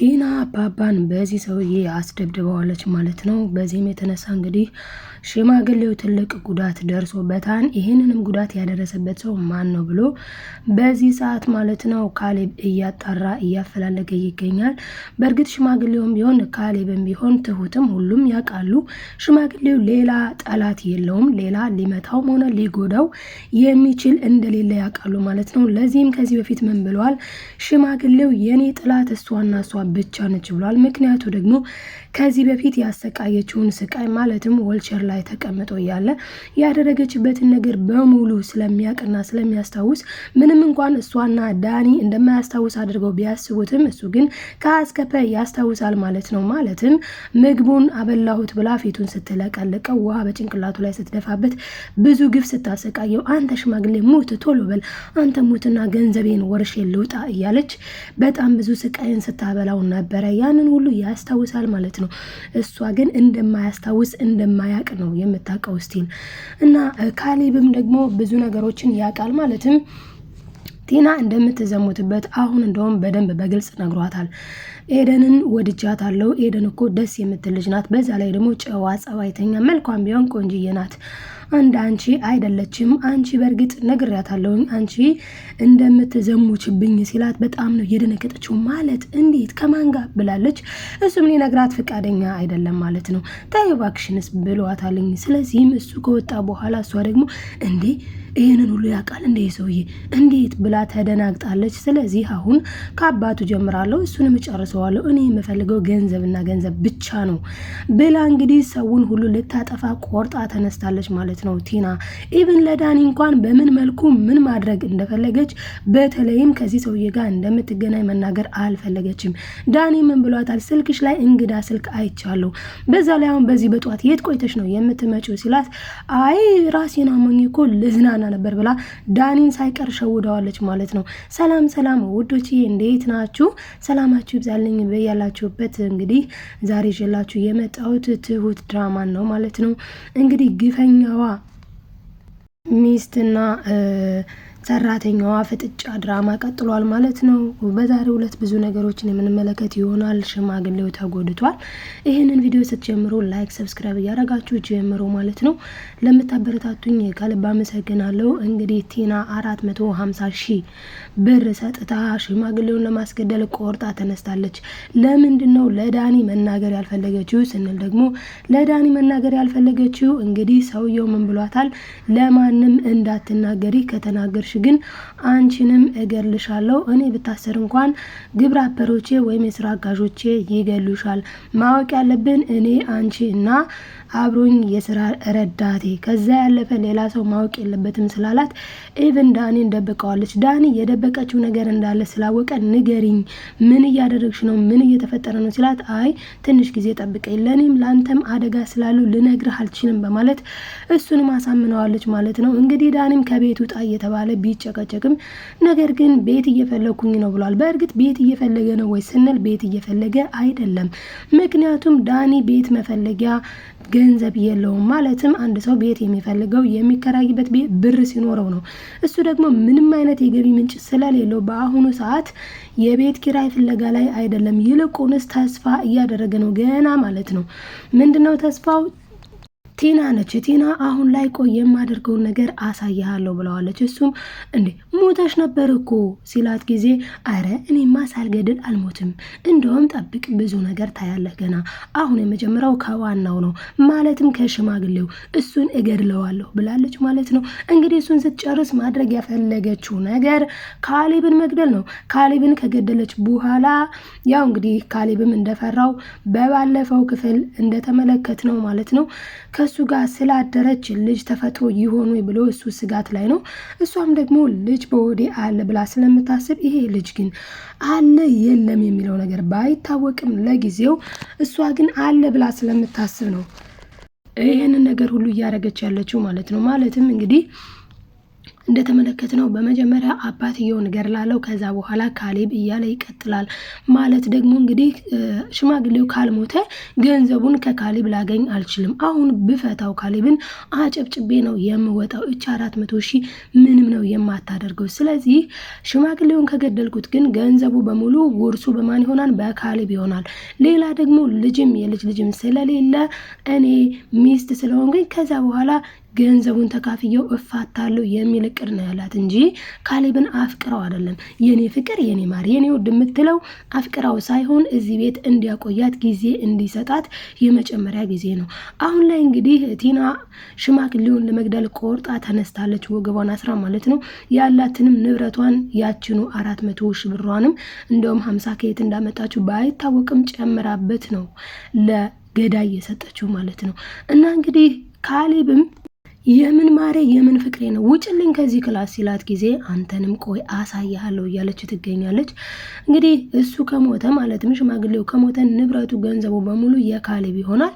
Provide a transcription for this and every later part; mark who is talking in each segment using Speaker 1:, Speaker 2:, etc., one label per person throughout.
Speaker 1: ቲና አባባን በዚህ ሰውዬ አስደብድበዋለች ማለት ነው። በዚህም የተነሳ እንግዲህ ሽማግሌው ትልቅ ጉዳት ደርሶበታል። ይህንንም ጉዳት ያደረሰበት ሰው ማን ነው ብሎ በዚህ ሰዓት ማለት ነው ካሌብ እያጣራ እያፈላለገ ይገኛል። በእርግጥ ሽማግሌውም ቢሆን ካሌብም ቢሆን ትሁትም ሁሉም ያውቃሉ። ሽማግሌው ሌላ ጠላት የለውም፣ ሌላ ሊመታውም ሆነ ሊጎዳው የሚችል እንደሌለ ያውቃሉ ማለት ነው። ለዚህም ከዚህ በፊት ምን ብለዋል? ሽማግሌው የኔ ጠላት እሷና እሷ ብቻ ነች ብሏል። ምክንያቱ ደግሞ ከዚህ በፊት ያሰቃየችውን ስቃይ ማለትም ወልቸር ላይ ተቀምጦ እያለ ያደረገችበትን ነገር በሙሉ ስለሚያቅና ስለሚያስታውስ ምንም እንኳን እሷና ዳኒ እንደማያስታውስ አድርገው ቢያስቡትም እሱ ግን ከአስከፈ ያስታውሳል ማለት ነው። ማለትም ምግቡን አበላሁት ብላ ፊቱን ስትለቀልቀው፣ ውሃ በጭንቅላቱ ላይ ስትደፋበት፣ ብዙ ግፍ ስታሰቃየው አንተ ሽማግሌ ሙት ቶሎ በል አንተ ሙትና ገንዘቤን ወርሼ ልውጣ እያለች በጣም ብዙ ስቃይን ስታበላው እየሰራውን ነበረ። ያንን ሁሉ ያስታውሳል ማለት ነው። እሷ ግን እንደማያስታውስ እንደማያቅ ነው የምታውቀው ስቲን እና ካሌብም ደግሞ ብዙ ነገሮችን ያውቃል ማለትም ቲና እንደምትዘሙትበት አሁን እንደውም በደንብ በግልጽ ነግሯታል። ኤደንን ወድጃታለሁ። ኤደን እኮ ደስ የምትል ልጅ ናት። በዛ ላይ ደግሞ ጨዋ ጸባይተኛ፣ መልኳም ቢሆን ቆንጅዬ ናት። አንድ አንቺ አይደለችም። አንቺ በእርግጥ ነግሬያታለሁኝ አንቺ እንደምትዘሙችብኝ ሲላት በጣም ነው የደነገጠችው። ማለት እንዴት ከማን ጋር ብላለች። እሱም ሊነግራት ፈቃደኛ አይደለም ማለት ነው። ተይ እባክሽንስ ብሏታለኝ። ስለዚህም እሱ ከወጣ በኋላ እሷ ደግሞ እንዴ ይህንን ሁሉ ያውቃል እንዴ ሰውዬ እንዴት ብላ ተደናግጣለች። ስለዚህ አሁን ከአባቱ ጀምራለሁ፣ እሱንም እጨርሰዋለሁ። እኔ የምፈልገው ገንዘብና ገንዘብ ብቻ ነው ብላ እንግዲህ ሰውን ሁሉ ልታጠፋ ቆርጣ ተነስታለች ማለት ነው ቲና። ኢቭን ለዳኒ እንኳን በምን መልኩ ምን ማድረግ እንደፈለገች በተለይም ከዚህ ሰውዬ ጋር እንደምትገናኝ መናገር አልፈለገችም። ዳኒ ምን ብሏታል? ስልክሽ ላይ እንግዳ ስልክ አይቻለሁ። በዛ ላይ አሁን በዚህ በጠዋት የት ቆይተሽ ነው የምትመጪው ሲላት አይ ራሴን አሞኝ እኮ ልዝና ጫና ነበር ብላ ዳኒን ሳይቀር ሸውደዋለች ማለት ነው። ሰላም ሰላም ውዶች እንዴት ናችሁ? ሰላማችሁ ይብዛልኝ በያላችሁበት። እንግዲህ ዛሬ ይዤላችሁ የመጣሁት ትሁት ድራማን ነው ማለት ነው። እንግዲህ ግፈኛዋ ሚስትና ሰራተኛዋ ፍጥጫ ድራማ ቀጥሏል ማለት ነው። በዛሬ ሁለት ብዙ ነገሮችን የምንመለከት ይሆናል። ሽማግሌው ተጎድቷል። ይህንን ቪዲዮ ስትጀምሩ ላይክ፣ ሰብስክራይብ እያደረጋችሁ ጀምሮ ማለት ነው። ለምታበረታቱኝ ከልብ አመሰግናለሁ። እንግዲህ ቲና አራት መቶ ሀምሳ ሺህ ብር ሰጥታ ሽማግሌውን ለማስገደል ቆርጣ ተነስታለች። ለምንድን ነው ለዳኒ መናገር ያልፈለገችው ስንል ደግሞ ለዳኒ መናገር ያልፈለገችው እንግዲህ ሰውየው ምን ብሏታል? ለማንም እንዳትናገሪ ከተናገር ካላሰብሽ ግን አንቺንም እገልሻለሁ። እኔ ብታሰር እንኳን ግብረ አበሮቼ ወይም የስራ አጋዦቼ ይገሉሻል። ማወቅ ያለብን እኔ አንቺ እና አብሮኝ የስራ ረዳቴ ከዛ ያለፈ ሌላ ሰው ማወቅ የለበትም ስላላት ኢቭን ዳኒን ደብቀዋለች። ዳኒ የደበቀችው ነገር እንዳለ ስላወቀ ንገሪኝ፣ ምን እያደረግሽ ነው? ምን እየተፈጠረ ነው ሲላት አይ ትንሽ ጊዜ ጠብቀኝ፣ ለእኔም ለአንተም አደጋ ስላሉ ልነግርህ አልችልም በማለት እሱንም አሳምነዋለች ማለት ነው። እንግዲህ ዳኒም ከቤት ውጣ እየተባለ ቢጨቀጨቅም ነገር ግን ቤት እየፈለግኩኝ ነው ብሏል። በእርግጥ ቤት እየፈለገ ነው ወይ ስንል ቤት እየፈለገ አይደለም። ምክንያቱም ዳኒ ቤት መፈለጊያ ገንዘብ የለውም። ማለትም አንድ ሰው ቤት የሚፈልገው የሚከራይበት ቤት ብር ሲኖረው ነው። እሱ ደግሞ ምንም አይነት የገቢ ምንጭ ስለሌለው በአሁኑ ሰዓት የቤት ኪራይ ፍለጋ ላይ አይደለም። ይልቁንስ ተስፋ እያደረገ ነው ገና ማለት ነው። ምንድነው ተስፋው? ቲና ነች። ቲና አሁን ላይ ቆይ የማደርገውን ነገር አሳይሃለሁ ብለዋለች። እሱም እንዴ ሞታሽ ነበር እኮ ሲላት ጊዜ አረ እኔማ ሳልገድል አልሞትም፣ እንደውም ጠብቅ፣ ብዙ ነገር ታያለህ ገና። አሁን የመጀመሪያው ከዋናው ነው ማለትም ከሽማግሌው፣ እሱን እገድለዋለሁ ብላለች ማለት ነው። እንግዲህ እሱን ስትጨርስ ማድረግ ያፈለገችው ነገር ካሌብን መግደል ነው። ካሌብን ከገደለች በኋላ ያው እንግዲህ ካሌብም እንደፈራው በባለፈው ክፍል እንደተመለከት ነው ማለት ነው ከእሱ ጋር ስላደረች ልጅ ተፈጥሮ ይሆኑ ብሎ እሱ ስጋት ላይ ነው። እሷም ደግሞ ልጅ በወዴ አለ ብላ ስለምታስብ ይሄ ልጅ ግን አለ የለም የሚለው ነገር ባይታወቅም ለጊዜው እሷ ግን አለ ብላ ስለምታስብ ነው ይህንን ነገር ሁሉ እያደረገች ያለችው ማለት ነው። ማለትም እንግዲህ እንደተመለከትነው በመጀመሪያ አባትየውን ገድላለው፣ ከዛ በኋላ ካሌብ እያለ ይቀጥላል። ማለት ደግሞ እንግዲህ ሽማግሌው ካልሞተ ገንዘቡን ከካሌብ ላገኝ አልችልም። አሁን ብፈታው ካሌብን አጨብጭቤ ነው የምወጣው። እች አራት መቶ ሺህ ምንም ነው የማታደርገው። ስለዚህ ሽማግሌውን ከገደልኩት ግን ገንዘቡ በሙሉ ውርሱ በማን ይሆናል? በካሌብ ይሆናል። ሌላ ደግሞ ልጅም የልጅ ልጅም ስለሌለ እኔ ሚስት ስለሆንኩኝ ከዛ በኋላ ገንዘቡን ተካፍየው እፋታለሁ የሚል እቅድ ነው ያላት እንጂ ካሌብን አፍቅረው አይደለም። የኔ ፍቅር የኔ ማር የኔ ውድ የምትለው አፍቅረው ሳይሆን እዚህ ቤት እንዲያቆያት ጊዜ እንዲሰጣት የመጨመሪያ ጊዜ ነው። አሁን ላይ እንግዲህ ቲና ሽማግሌውን ለመግደል ቆርጣ ተነስታለች። ወገቧን አስራ ማለት ነው። ያላትንም ንብረቷን ያችኑ አራት መቶ ሺ ብሯንም እንደውም ሀምሳ ከየት እንዳመጣችሁ ባይታወቅም ጨምራበት ነው ለገዳይ የሰጠችው ማለት ነው እና እንግዲህ ካሌብም የምን ማሬ የምን ፍቅሬ ነው ውጭልኝ ከዚህ ክላስ ሲላት ጊዜ አንተንም ቆይ አሳያለሁ እያለች ትገኛለች። እንግዲህ እሱ ከሞተ ማለትም ሽማግሌው ከሞተ ንብረቱ፣ ገንዘቡ በሙሉ የካሌብ ይሆናል።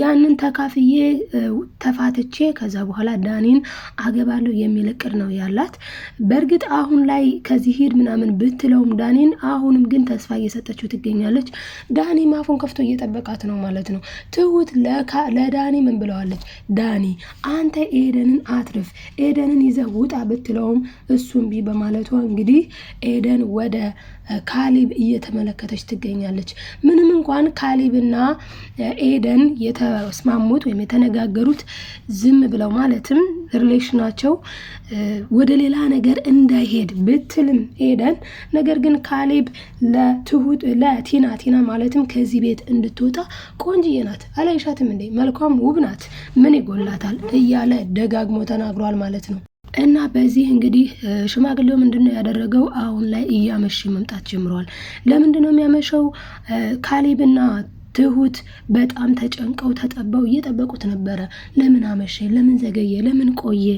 Speaker 1: ያንን ተካፍዬ ተፋትቼ ከዛ በኋላ ዳኒን አገባለሁ የሚል እቅድ ነው ያላት። በእርግጥ አሁን ላይ ከዚህ ሂድ ምናምን ብትለውም ዳኒን አሁንም ግን ተስፋ እየሰጠችው ትገኛለች። ዳኒ አፉን ከፍቶ እየጠበቃት ነው ማለት ነው። ትሁት ለዳኒ ምን ብለዋለች? ዳኒ አንተ ኤደንን አትርፍ፣ ኤደንን ይዘህ ውጣ ብትለውም እሱ እምቢ በማለቷ እንግዲህ ኤደን ወደ ካሊብ እየተመለከተች ትገኛለች። ምንም እንኳን ካሊብና ኤደን የተስማሙት ወይም የተነጋገሩት ዝም ብለው ማለትም ሪሌሽናቸው ወደ ሌላ ነገር እንዳይሄድ ብትልም ኤደን ነገር ግን ካሊብ ለትሁት ለቲና ቲና ማለትም ከዚህ ቤት እንድትወጣ ቆንጅዬ ናት፣ አላይሻትም እንዴ መልኳም ውብ ናት፣ ምን ይጎላታል እያለ ደጋግሞ ተናግሯል ማለት ነው። እና በዚህ እንግዲህ ሽማግሌው ምንድን ነው ያደረገው? አሁን ላይ እያመሸ መምጣት ጀምረዋል። ለምንድን ነው የሚያመሸው? ካሌብና ትሁት በጣም ተጨንቀው ተጠበው እየጠበቁት ነበረ። ለምን አመሸ፣ ለምን ዘገየ፣ ለምን ቆየ፣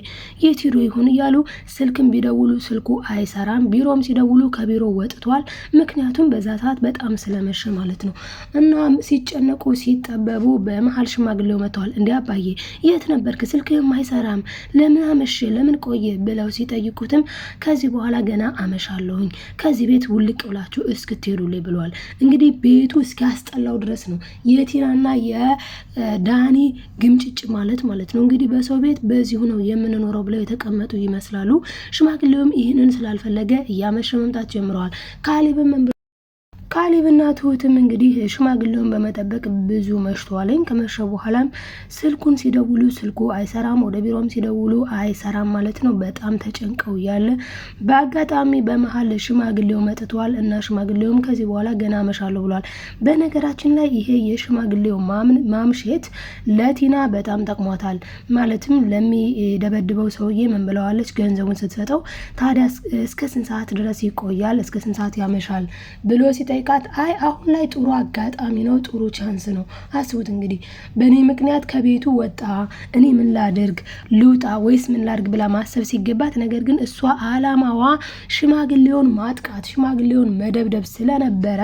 Speaker 1: የት ሄዶ ይሆን እያሉ ስልክም ቢደውሉ ስልኩ አይሰራም፣ ቢሮም ሲደውሉ ከቢሮ ወጥቷል። ምክንያቱም በዛ ሰዓት በጣም ስለመሸ ማለት ነው። እናም ሲጨነቁ ሲጠበቡ በመሀል ሽማግሌው መጥተዋል። እንዲ አባዬ የት ነበርክ? ስልክህም አይሰራም፣ ለምን አመሸ፣ ለምን ቆየ ብለው ሲጠይቁትም ከዚህ በኋላ ገና አመሻለሁኝ ከዚህ ቤት ውልቅ ብላችሁ እስክትሄዱልኝ ብለዋል። እንግዲህ ቤቱ እስኪያስጠላው ድረስ ነው። የቲናና የዳኒ ግምጭጭ ማለት ማለት ነው። እንግዲህ በሰው ቤት በዚሁ ነው የምንኖረው ብለው የተቀመጡ ይመስላሉ። ሽማግሌውም ይህንን ስላልፈለገ እያመሸ መምጣት ጀምረዋል። ካሌብም ካሌብና ትሁትም እንግዲህ ሽማግሌውን በመጠበቅ ብዙ መሽተዋለኝ። ከመሸ በኋላም ስልኩን ሲደውሉ ስልኩ አይሰራም፣ ወደ ቢሮም ሲደውሉ አይሰራም ማለት ነው። በጣም ተጨንቀው እያለ በአጋጣሚ በመሀል ሽማግሌው መጥተዋል እና ሽማግሌውም ከዚህ በኋላ ገና አመሻለሁ ብሏል። በነገራችን ላይ ይሄ የሽማግሌው ማምሸት ለቲና በጣም ጠቅሟታል። ማለትም ለሚደበድበው ሰውዬ ምን ብለዋለች? ገንዘቡን ስትሰጠው ታዲያ እስከ ስንት ሰዓት ድረስ ይቆያል? እስከ ስንት ሰዓት ያመሻል ብሎ ሲጠይቅ ስጠይቃት አይ አሁን ላይ ጥሩ አጋጣሚ ነው፣ ጥሩ ቻንስ ነው። አስቡት እንግዲህ በእኔ ምክንያት ከቤቱ ወጣ፣ እኔ ምን ላድርግ ልውጣ ወይስ ምን ላድርግ ብላ ማሰብ ሲገባት፣ ነገር ግን እሷ አላማዋ ሽማግሌውን ማጥቃት፣ ሽማግሌውን መደብደብ ስለነበረ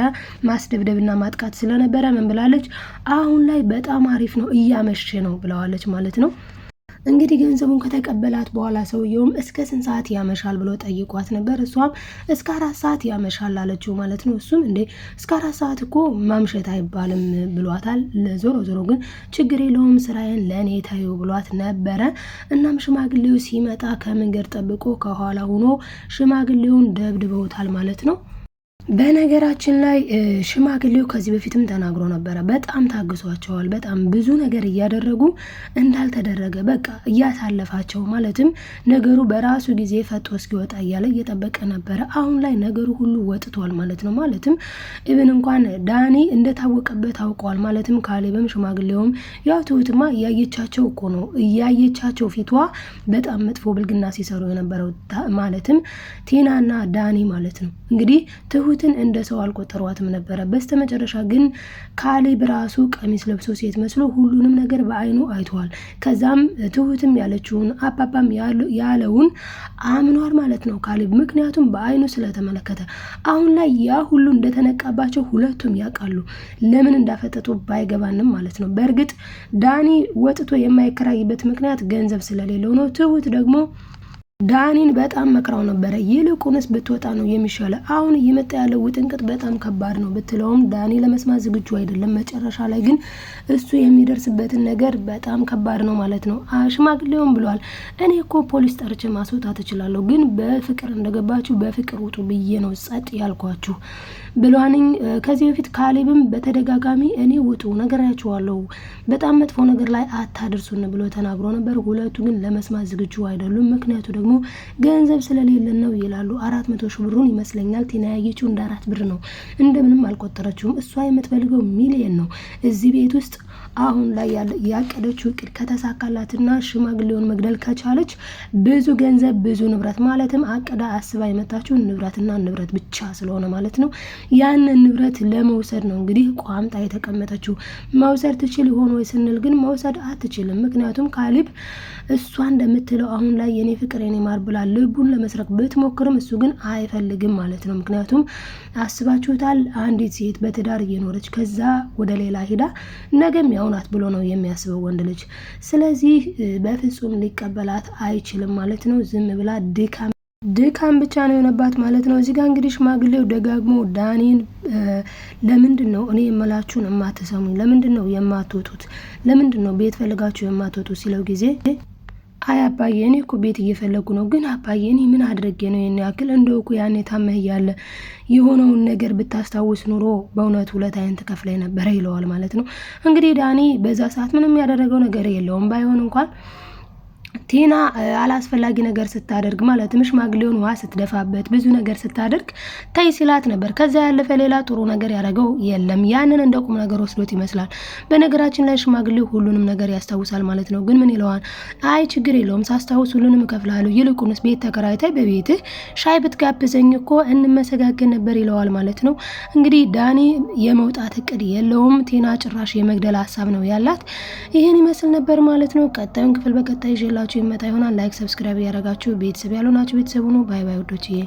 Speaker 1: ማስደብደብና ማጥቃት ስለነበረ ምን ብላለች? አሁን ላይ በጣም አሪፍ ነው፣ እያመሸ ነው ብለዋለች ማለት ነው። እንግዲህ ገንዘቡን ከተቀበላት በኋላ ሰውየውም እስከ ስንት ሰዓት ያመሻል ብሎ ጠይቋት ነበር። እሷም እስከ አራት ሰዓት ያመሻል አለችው ማለት ነው። እሱም እንዴ እስከ አራት ሰዓት እኮ ማምሸት አይባልም ብሏታል። ዞሮ ዞሮ ግን ችግር የለውም ስራዬን ለእኔ ታዩ ብሏት ነበረ። እናም ሽማግሌው ሲመጣ ከመንገድ ጠብቆ ከኋላ ሆኖ ሽማግሌውን ደብድበውታል ማለት ነው። በነገራችን ላይ ሽማግሌው ከዚህ በፊትም ተናግሮ ነበረ። በጣም ታግሷቸዋል። በጣም ብዙ ነገር እያደረጉ እንዳልተደረገ በቃ እያሳለፋቸው ማለትም ነገሩ በራሱ ጊዜ ፈጦ እስኪወጣ እያለ እየጠበቀ ነበረ። አሁን ላይ ነገሩ ሁሉ ወጥቷል ማለት ነው። ማለትም እብን እንኳን ዳኒ እንደታወቀበት አውቀዋል። ማለትም ካሌብም ሽማግሌውም ያው ትሁትማ እያየቻቸው እኮ ነው እያየቻቸው ፊቷ በጣም መጥፎ ብልግና ሲሰሩ የነበረው ማለትም ቲናና ዳኒ ማለት ነው እንግዲህ ትሁት ሂሩትን እንደ ሰው አልቆጠሯትም ነበረ። በስተመጨረሻ ግን ካሌብ ራሱ ቀሚስ ለብሶ ሴት መስሎ ሁሉንም ነገር በአይኑ አይተዋል። ከዛም ትሁትም ያለችውን አባባም ያለውን አምኗል ማለት ነው ካሌብ፣ ምክንያቱም በአይኑ ስለተመለከተ። አሁን ላይ ያ ሁሉ እንደተነቃባቸው ሁለቱም ያውቃሉ። ለምን እንዳፈጠጡ ባይገባንም ማለት ነው። በእርግጥ ዳኒ ወጥቶ የማይከራይበት ምክንያት ገንዘብ ስለሌለው ነው። ትሁት ደግሞ ዳኒን በጣም መክራው ነበረ። ይልቁንስ ብትወጣ ነው የሚሻለ፣ አሁን እየመጣ ያለው ውጥንቅጥ በጣም ከባድ ነው ብትለውም ዳኒ ለመስማት ዝግጁ አይደለም። መጨረሻ ላይ ግን እሱ የሚደርስበትን ነገር በጣም ከባድ ነው ማለት ነው። ሽማግሌውም ብለዋል፣ እኔ እኮ ፖሊስ ጠርቼ ማስወጣት እችላለሁ፣ ግን በፍቅር እንደገባችሁ በፍቅር ውጡ ብዬ ነው ጸጥ ያልኳችሁ ብሏንኝ። ከዚህ በፊት ካሌብም በተደጋጋሚ እኔ ውጡ ነግሬያችኋለሁ፣ በጣም መጥፎ ነገር ላይ አታደርሱን ብሎ ተናግሮ ነበር። ሁለቱ ግን ለመስማት ዝግጁ አይደሉም። ምክንያቱ ደግሞ ገንዘብ ስለሌለን ነው ይላሉ። አራት መቶ ሺህ ብሩን ይመስለኛል ቲና ያየችው እንደ አራት ብር ነው፣ እንደምንም አልቆጠረችውም። እሷ የምትፈልገው ሚሊየን ነው እዚህ ቤት ውስጥ አሁን ላይ ያቀደችው እቅድ ከተሳካላትና ሽማግሌውን መግደል ከቻለች ብዙ ገንዘብ፣ ብዙ ንብረት ማለትም አቅዳ አስባ የመጣችው ንብረትና ንብረት ብቻ ስለሆነ ማለት ነው ያንን ንብረት ለመውሰድ ነው እንግዲህ ቋምጣ የተቀመጠችው። መውሰድ ትችል ይሆን ወይ ስንል ግን መውሰድ አትችልም። ምክንያቱም ካሊብ እሷ እንደምትለው አሁን ላይ የኔ ፍቅር የኔ ማር ብላ ልቡን ለመስረቅ ብትሞክርም እሱ ግን አይፈልግም ማለት ነው። ምክንያቱም አስባችሁታል፣ አንዲት ሴት በትዳር እየኖረች ከዛ ወደ ሌላ ሄዳ ። ነገም ያው ያው ናት ብሎ ነው የሚያስበው ወንድ ልጅ። ስለዚህ በፍጹም ሊቀበላት አይችልም ማለት ነው። ዝም ብላ ድካም ድካም ብቻ ነው የሆነባት ማለት ነው። እዚጋ እንግዲህ ሽማግሌው ደጋግሞ ዳኒን ለምንድን ነው እኔ የምላችሁን የማትሰሙኝ? ለምንድን ነው የማትወጡት? ለምንድን ነው ቤት ፈልጋችሁ የማትወጡት? ሲለው ጊዜ አይ አባዬ እኔ እኮ ቤት እየፈለጉ ነው። ግን አባዬ እኔ ምን አድርጌ ነው ይህን ያክል? እንደው እኮ ያኔ ታመህ እያለ የሆነውን ነገር ብታስታውስ ኑሮ በእውነት ሁለት አይን ትከፍለኝ ነበረ ይለዋል ማለት ነው። እንግዲህ ዳኒ በዛ ሰዓት ምንም ያደረገው ነገር የለውም ባይሆን እንኳን ቲና አላስፈላጊ ነገር ስታደርግ ማለትም ሽማግሌውን ውሃ ስትደፋበት ብዙ ነገር ስታደርግ ተይ ሲላት ነበር። ከዛ ያለፈ ሌላ ጥሩ ነገር ያደረገው የለም። ያንን እንደ ቁም ነገር ወስዶት ይመስላል። በነገራችን ላይ ሽማግሌው ሁሉንም ነገር ያስታውሳል ማለት ነው። ግን ምን ይለዋል? አይ ችግር የለውም ሳስታውስ ሁሉንም እከፍልሃለሁ። ይልቁንስ ቤት ተከራይተህ በቤትህ ሻይ ብትጋብዘኝ እኮ እንመሰጋገን ነበር ይለዋል ማለት ነው። እንግዲህ ዳኒ የመውጣት እቅድ የለውም። ቲና ጭራሽ የመግደል ሀሳብ ነው ያላት። ይህን ይመስል ነበር ማለት ነው። ቀጣዩን ክፍል በቀጣይ ይዤላችሁ ይመጣ ይሆናል። ላይክ ሰብስክራይብ እያደረጋችሁ ቤተሰብ ያልሆናችሁ ቤተሰብ ሁኑ። ባይ ባይ ውዶችዬ